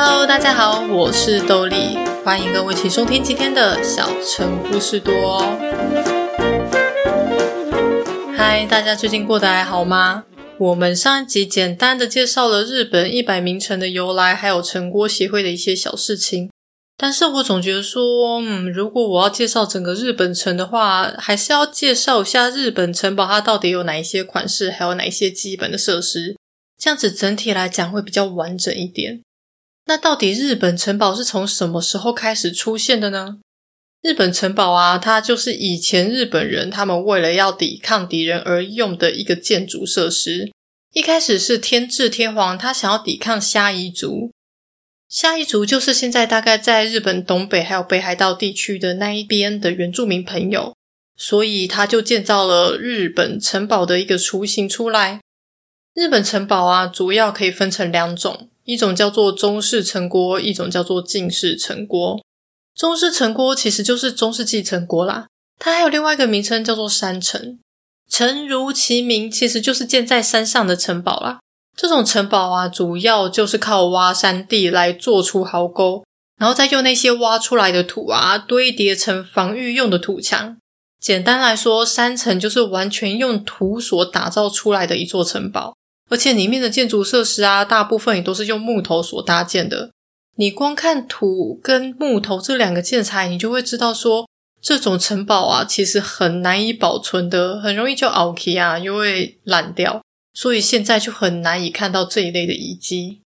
Hello，大家好，我是豆麗，歡迎各位請收聽今天的小城故事多哦。嗨，大家最近過得還好嗎？我們上一集簡單的介紹了日本一百名城的由來，還有城郭協會的一些小事情。但是我總覺得說，嗯，如果我要介紹整個日本城的話，還是要介紹一下日本城堡它到底有哪一些款式，還有哪一些基本的設施，這樣子整體來講會比較完整一點。那到底日本城堡是從什麼時候開始出現的呢？日本城堡啊，它就是以前日本人他們為了要抵抗敵人而用的一個建築設施。一開始是天智天皇，他想要抵抗蝦夷族，蝦夷族就是現在大概在日本東北還有北海道地區的那一邊的原住民朋友，所以他就建造了日本城堡的一個雛形出來。日本城堡啊，主要可以分成兩種。一種叫做中世城郭，一種叫做近世城郭。中世城郭其實就是中世紀城郭啦，它還有另外一個名稱叫做山城。城如其名，其實就是建在山上的城堡啦。這種城堡啊，主要就是靠挖山地來做出壕溝，然後再用那些挖出來的土啊堆疊成防禦用的土牆。簡單來說，山城就是完全用土所打造出來的一座城堡。而且裡面的建築設施啊，大部分也都是用木頭所搭建的。你光看土跟木頭這兩個建材，你就會知道說，這種城堡啊，其實很難以保存的，很容易就凹 k 啊，因為爛掉，所以現在就很難以看到這一類的遺迹。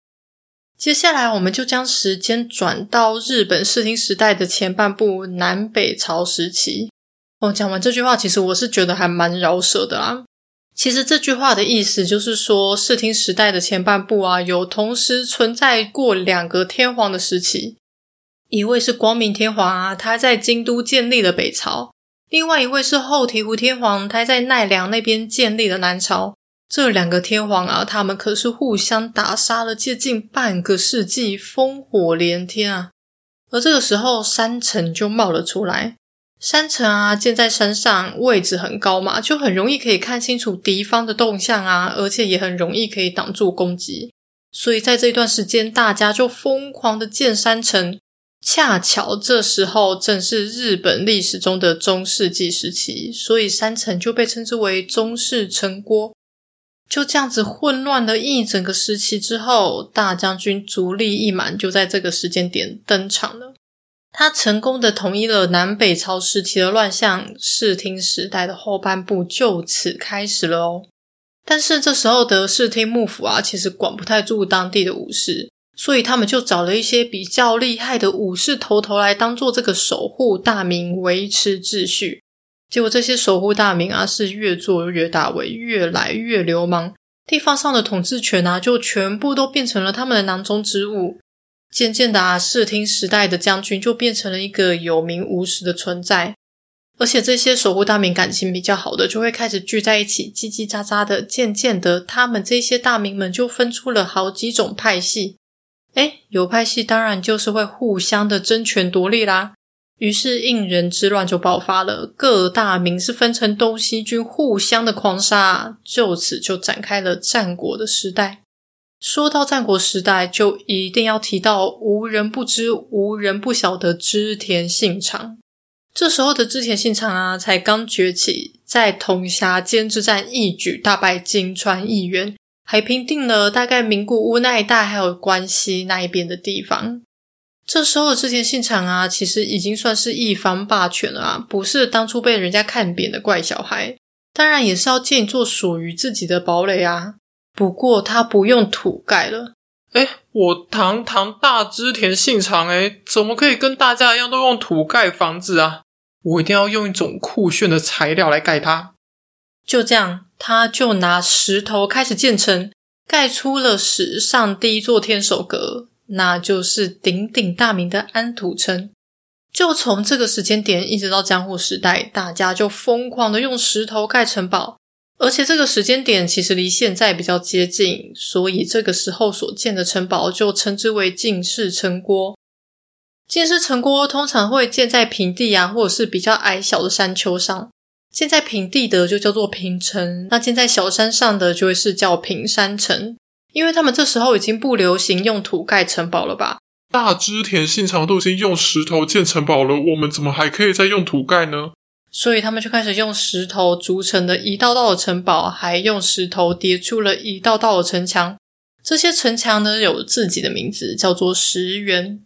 接下來，我們就將時間轉到日本室町時代的前半部——南北朝時期。哦，講完這句話，其實我是覺得還蠻饒舌的啦、啊。其實這句話的意思就是說，室町時代的前半部啊，有同時存在過兩個天皇的時期，一位是光明天皇啊，他在京都建立了北朝；另外一位是後醍醐天皇，他在奈良那邊建立了南朝。這兩個天皇啊，他們可是互相打殺了接近半個世紀，烽火連天啊。而這個時候，山城就冒了出來。山城啊，建在山上，位置很高嘛，就很容易可以看清楚敵方的動向啊，而且也很容易可以擋住攻擊。所以在這一段時間，大家就瘋狂的建山城。恰巧這時候正是日本歷史中的中世紀時期，所以山城就被稱之為中世城郭。就這樣子混亂了一整個時期之後，大將軍足利義滿就在這個時間點登場了。他成功的統一了南北朝時期的亂象，室町時代的後半部就此開始了哦。但是這時候的室町幕府啊，其實管不太住當地的武士，所以他們就找了一些比較厲害的武士頭頭來當做這個守護大名，維持秩序。結果這些守護大名啊，是越做越大為，越來越流氓，地方上的統治權啊，就全部都變成了他們的囊中之物。漸漸的啊，室町時代的將軍就變成了一個有名無實的存在，而且這些守護大名感情比較好的，就會開始聚在一起嘰嘰喳喳喳的。漸漸的，他們這些大名們就分出了好幾種派系。哎，有派系當然就是會互相的爭權奪利啦。於是應仁之亂就爆發了，各大名是分成東西軍互相的狂殺，就此就展開了戰國的時代。說到戰國時代，就一定要提到無人不知、無人不曉的織田信長。這時候的織田信長啊，才剛崛起，在桶狹間之戰一舉大敗今川義元，還平定了大概名古屋那一帶還有關西那一邊的地方。這時候的織田信長啊，其實已經算是一方霸權了啊，不是當初被人家看扁的怪小孩。當然，也是要建一座屬於自己的堡壘啊。不過他不用土蓋了。誒，我堂堂大織田信長，誒，怎麼可以跟大家一樣都用土蓋房子啊？我一定要用一種酷炫的材料來蓋它。就這樣，他就拿石頭開始建城，蓋出了史上第一座天守閣，那就是鼎鼎大名的安土城。就從這個時間點一直到江戶時代，大家就瘋狂地用石頭蓋城堡。而且這個時間點其實離現在比較接近，所以這個時候所建的城堡就稱之為近世城郭。近世城郭通常會建在平地呀，啊，或者是比較矮小的山丘上。建在平地的就叫做平城，那建在小山上的就會是叫平山城。因為他們這時候已經不流行用土蓋城堡了吧？大織田信長都已經用石頭建城堡了，我們怎麼還可以再用土蓋呢？所以他們就開始用石頭築成了一道道的城堡，還用石頭疊出了一道道的城牆。這些城牆呢，有自己的名字，叫做石垣。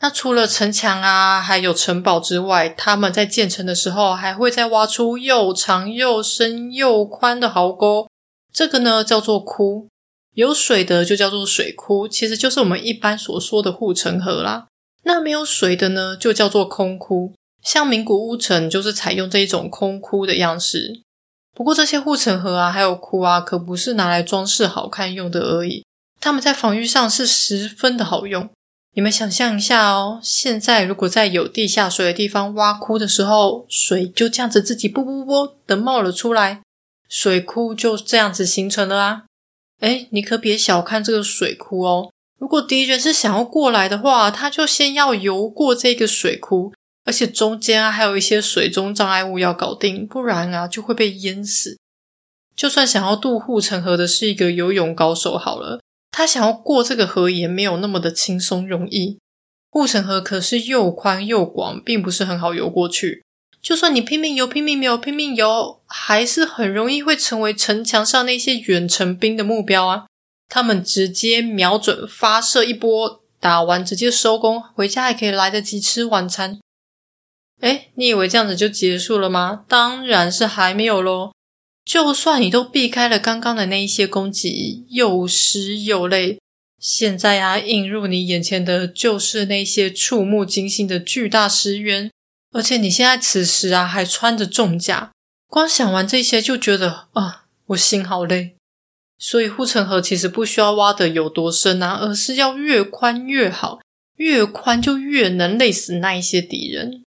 那除了城牆啊，還有城堡之外，他們在建城的時候還會再挖出又長又深又寬的壕溝，這個呢叫做窟。有水的就叫做水窟，其實就是我們一般所說的護城河啦。那沒有水的呢，就叫做空窟。像名古屋城就是採用這一種空窟的樣式。不過這些護城河啊，還有窟啊，可不是拿來裝飾好看用的而已。它們在防禦上是十分的好用。你們想象一下哦，現在如果在有地下水的地方挖窟的時候，水就這樣子自己啵啵啵的冒了出來，水窟就這樣子形成了啊。誒，你可別小看這個水窟哦。如果敵人是想要過來的話，他就先要游過這個水窟。而且中間啊，還有一些水中障礙物要搞定，不然啊就會被淹死。就算想要渡護城河的是一個游泳高手，好了，他想要過這個河也沒有那麼的輕鬆容易。護城河可是又寬又廣，並不是很好游過去。就算你拼命游，拼命沒有，拼命游，還是很容易會成為城牆上那些遠程兵的目標啊！他們直接瞄準發射一波，打完直接收工，回家還可以來得及吃晚餐。哎，你以為這樣子就結束了嗎？當然是還沒有嘍！就算你都避開了剛剛的那一些攻擊，又濕又累，現在啊，映入你眼前的就是那些觸目驚心的巨大石垣，而且你現在此時啊，還穿着重甲，光想完這些就覺得啊，我心好累。所以護城河其實不需要挖得有多深啊，而是要越寬越好，越寬就越能累死那一些敵人。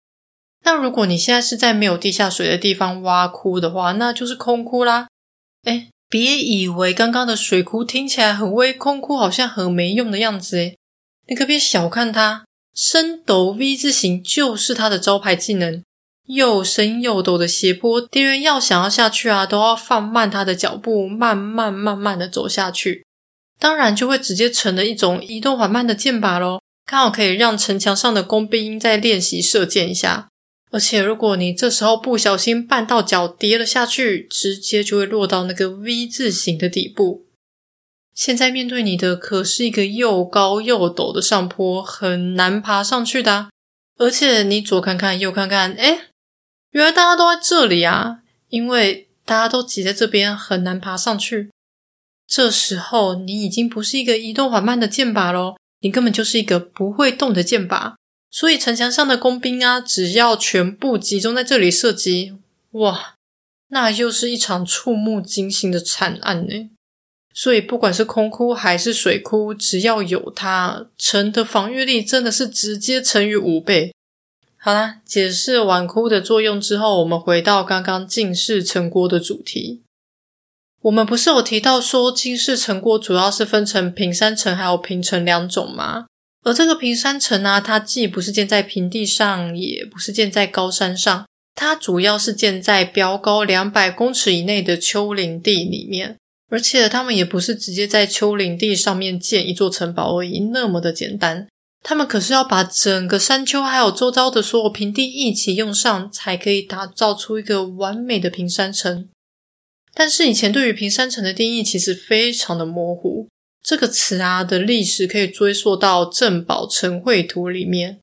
那如果你現在是在沒有地下水的地方挖窟的話，那就是空窟啦。哎，別以為剛剛的水窟聽起來很威，空窟好像很沒用的樣子。哎，你可別小看它，深陡 V 字形就是它的招牌技能。又深又陡的斜坡，敵人要想要下去啊，都要放慢他的腳步，慢慢慢慢的走下去。當然就會直接成了一種移動緩慢的箭靶咯，剛好可以讓城牆上的弓兵再練習射箭一下。而且，如果你這時候不小心絆到腳，跌了下去，直接就會落到那個 V 字形的底部。現在面對你的可是一個又高又陡的上坡，很難爬上去的。而且你左看看，右看看，誒，原來大家都在這裡啊！因為大家都擠在這邊，很難爬上去。這時候你已經不是一個移動緩慢的箭靶嘍，你根本就是一個不會動的箭靶。所以城牆上的工兵啊，只要全部集中在這裡射擊，哇，那又是一場觸目驚心的慘案呢。所以不管是空窟還是水窟，只要有它，城的防御力真的是直接乘以五倍。好啦，解釋完窟的作用之後，我們回到剛剛近世城郭的主題。我們不是有提到說近世城郭主要是分成平山城還有平城兩種嗎？而這個平山城呢，它既不是建在平地上，也不是建在高山上，它主要是建在標高兩百公尺以內的丘陵地裡面。而且，他們也不是直接在丘陵地上面建一座城堡而已，那麼的簡單。他們可是要把整個山丘還有周遭的所有平地一起用上，才可以打造出一個完美的平山城。但是，以前對於平山城的定義其實非常的模糊。這個詞啊的歷史可以追溯到《正保城繪圖》裡面。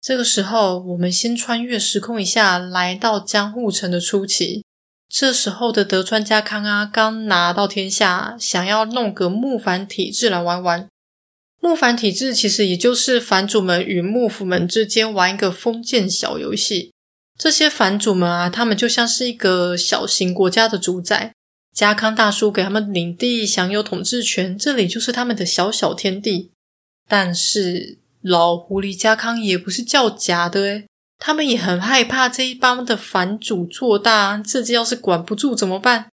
這個時候，我們先穿越時空一下，來到江戶城的初期。這時候的德川家康啊，剛拿到天下，想要弄個幕藩體制來玩玩。幕藩體制其實也就是藩主們與幕府們之間玩一個封建小遊戲。這些藩主們啊，他們就像是一個小型國家的主宰。家康大叔給他們領地享有統治權，這裡就是他們的小小天地。但是老狐狸家康也不是叫假的誒，他們也很害怕這一幫的藩主做大，自己要是管不住怎麼辦？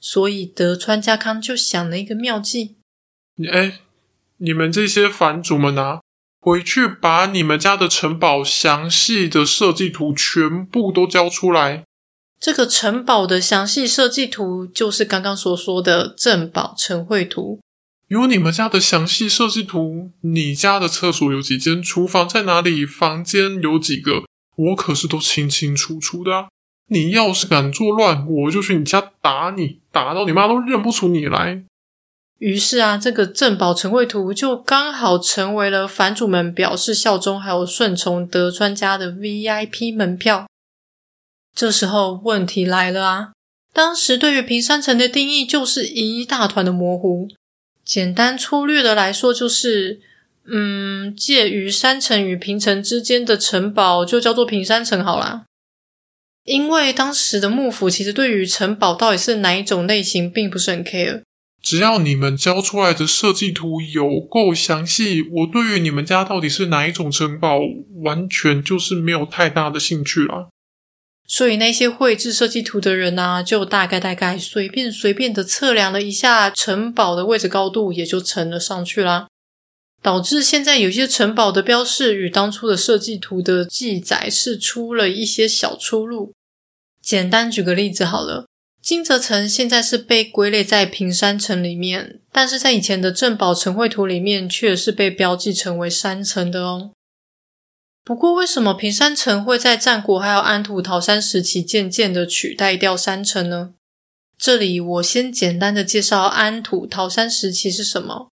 所以德川家康就想了一個妙計：你哎，你們這些藩主們啊，回去把你們家的城堡詳細的設計圖全部都交出來。這個城堡的詳細設計圖，就是剛剛所說的正保城繪圖，圖。有你們家的詳細設計圖，你家的廁所有幾間，廚房在哪裡，房間有幾個，我可是都清清楚楚的啊。你要是敢作亂，我就去你家打你，打到你媽都認不出你來。於是啊，這個正保城繪圖就剛好成為了藩主們表示效忠還有順從德川家的 VIP 門票。這時候問題來了啊！當時對於平山城的定義就是一大團的模糊，簡單粗略的來說就是，嗯，介於山城與平城之間的城堡就叫做平山城好啦。因為當時的幕府其實對於城堡到底是哪一種類型並不是很 care，只要你們交出來的設計圖有夠詳細，我對於你們家到底是哪一種城堡完全就是沒有太大的興趣啦。所以那些繪製設計圖的人呢、啊，就大概大概隨便隨便的測量了一下城堡的位置高度，也就呈了上去啦。導致現在有些城堡的標示與當初的設計圖的記載是出了一些小出入。簡單舉個例子好了，金澤城現在是被歸類在平山城裡面，但是在以前的正保城繪圖裡面卻是被標記成為山城的哦。不過，為什麼平山城會在戰國還有安土桃山時期漸漸的取代掉山城呢？這裡我先簡單的介紹安土桃山時期是什麼。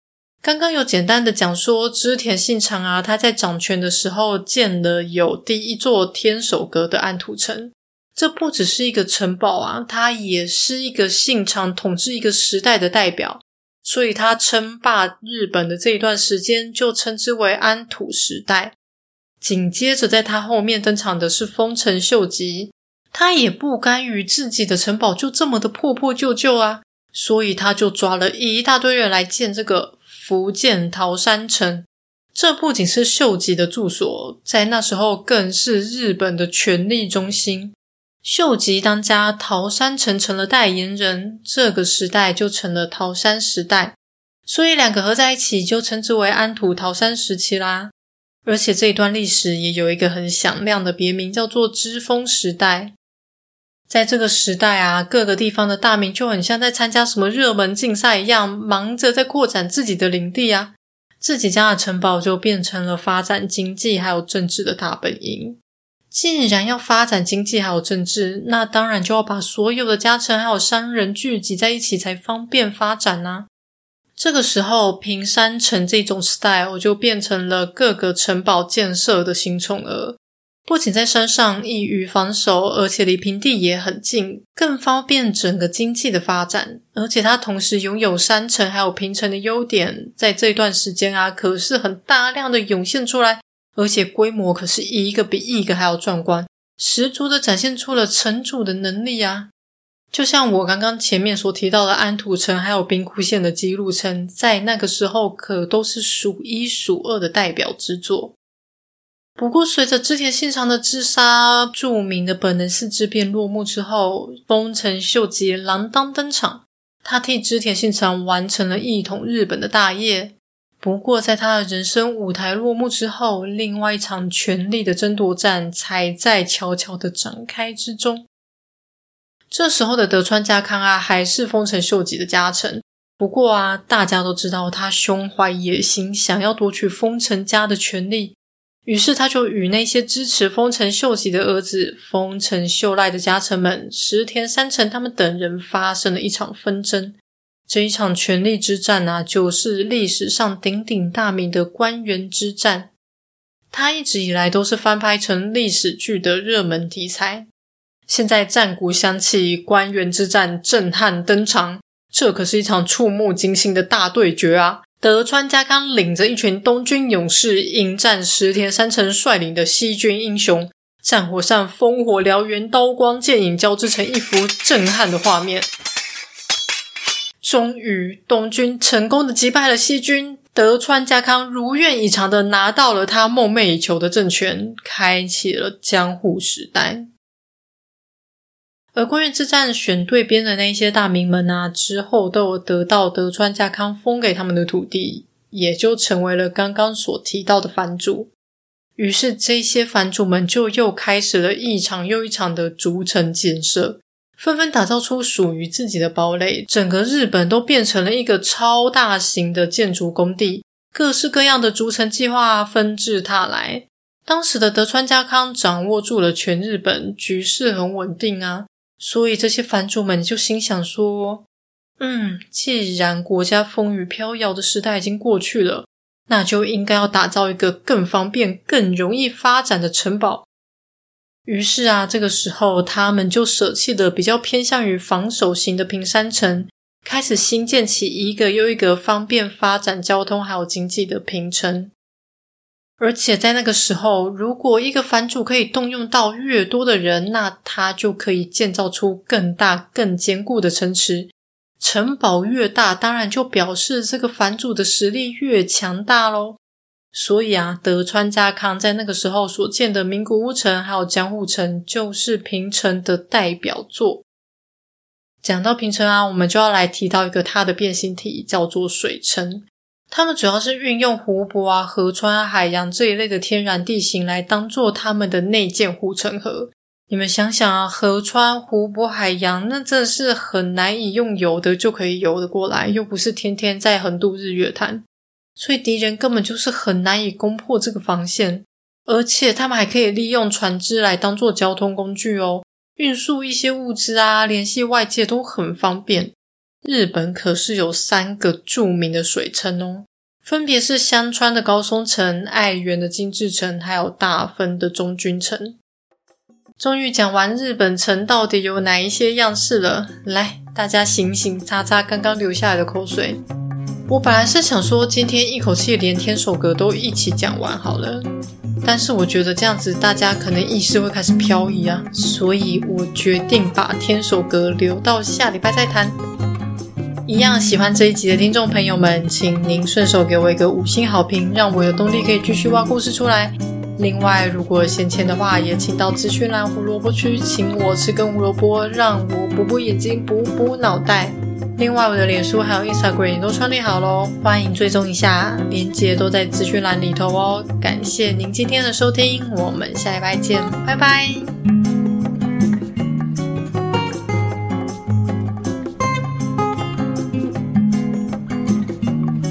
剛剛有簡單的講說織田信長啊，他在掌權的時候建了有第一座天守閣的安土城，這不只是一個城堡啊，它也是一個信長統治一個時代的代表，所以他稱霸日本的這一段時間就稱之為安土時代。緊接着，在他後面登場的是豐臣秀吉。他也不甘於自己的城堡就這麼的破破舊舊啊，所以他就抓了一大堆人來建這個伏見桃山城。這不僅是秀吉的住所，在那時候更是日本的權力中心。秀吉當家，桃山城成了代言人，這個時代就成了桃山時代。所以兩個合在一起，就稱之為安土桃山時期啦。而且這一段歷史也有一個很響亮的別名，叫做「織豐時代」。在這個時代啊，各個地方的大名就很像在參加什麼熱門競賽一樣，忙着在擴展自己的領地啊。自己家的城堡就變成了發展經濟還有政治的大本營。既然要發展經濟還有政治，那當然就要把所有的家臣還有商人聚集在一起，才方便發展呢、啊。這個時候，平山城這種 style 我就變成了各個城堡建設的新寵兒。不僅在山上易於防守，而且離平地也很近，更方便整個經濟的發展。而且它同時擁有山城還有平城的優點，在這段時間啊，可是很大量的湧現出來，而且規模可是一個比一個還要壯觀，十足的展現出了城主的能力呀、啊。就像我剛剛前面所提到的，安土城還有兵庫縣的姬路城，在那個時候可都是數一數二的代表之作。不過，隨着織田信長的自殺，著名的本能寺之變落幕之後，豐臣秀吉鋃鐺登場，他替織田信長完成了一統日本的大業。不過，在他的人生舞台落幕之後，另外一場權力的爭奪戰才在悄悄的展開之中。這時候的德川家康啊，還是豐臣秀吉的家臣。不過啊，大家都知道他胸懷野心，想要奪取豐臣家的權力。於是他就與那些支持豐臣秀吉的兒子豐臣秀賴的家臣們、石田三成他們等人發生了一場紛爭。這一場權力之戰啊，就是歷史上鼎鼎大名的關原之戰。他一直以來都是翻拍成歷史劇的熱門題材。現在戰鼓響起，關原之戰震撼登場。這可是一場觸目驚心的大對決啊！德川家康領着一群東軍勇士迎戰石田三成率領的西軍英雄，戰火上烽火燎原，刀光劍影交織成一幅震撼的畫面。終於，東軍成功的擊敗了西軍，德川家康如願以償的拿到了他夢寐以求的政權，開啟了江戶時代。而關原之戰選對邊的那些大名們啊，之後都有得到德川家康封給他們的土地，也就成為了剛剛所提到的藩主。於是，這些藩主們就又開始了一場又一場的築城建設，紛紛打造出屬於自己的堡壘。整個日本都變成了一個超大型的建築工地，各式各樣的築城計劃紛至沓來。當時的德川家康掌握住了全日本，局勢很穩定啊。所以這些藩主們就心想說：“嗯，既然國家風雨飄搖的時代已經過去了，那就應該要打造一個更方便、更容易發展的城堡。”於是啊，這個時候他們就捨棄了比較偏向於防守型的平山城，開始興建起一個又一個方便發展交通還有經濟的平城。而且在那個時候，如果一個藩主可以動用到越多的人，那他就可以建造出更大、更堅固的城池。城堡越大，當然就表示這個藩主的實力越強大嘍。所以啊，德川家康在那個時候所建的名古屋城，還有江戶城，就是平城的代表作。講到平城啊，我們就要來提到一個它的變形體，叫做水城。他們主要是運用湖泊啊、河川啊、海洋這一類的天然地形來當做他們的內建護城河。你們想想啊，河川、湖泊、海洋，那真的是很難以用游的就可以游的過來，又不是天天在橫渡日月潭，所以敵人根本就是很難以攻破這個防線。而且他們還可以利用船只來當做交通工具哦，運輸一些物資啊，聯繫外界都很方便。日本可是有三個著名的水城哦，分別是香川的高松城、愛媛的今治城，還有大分的中津城。終於講完日本城到底有哪一些樣式了，來，大家醒醒，擦擦剛剛流下來的口水。我本來是想說今天一口氣連天守閣都一起講完好了，但是我覺得這樣子大家可能意識會開始漂移啊，所以我決定把天守閣留到下禮拜再談。一樣喜歡這一集的聽眾朋友們，請您順手給我一個五星好評，讓我有動力可以繼續挖故事出來。另外，如果閒錢的話，也請到資訊欄胡蘿蔔區，請我吃根胡蘿蔔，讓我補補眼睛，補補腦袋。另外，我的臉書還有 Instagram 也都串聯好嘍，歡迎追蹤一下，鏈接都在資訊欄裡頭哦。感謝您今天的收聽，我們下一禮拜見，拜拜。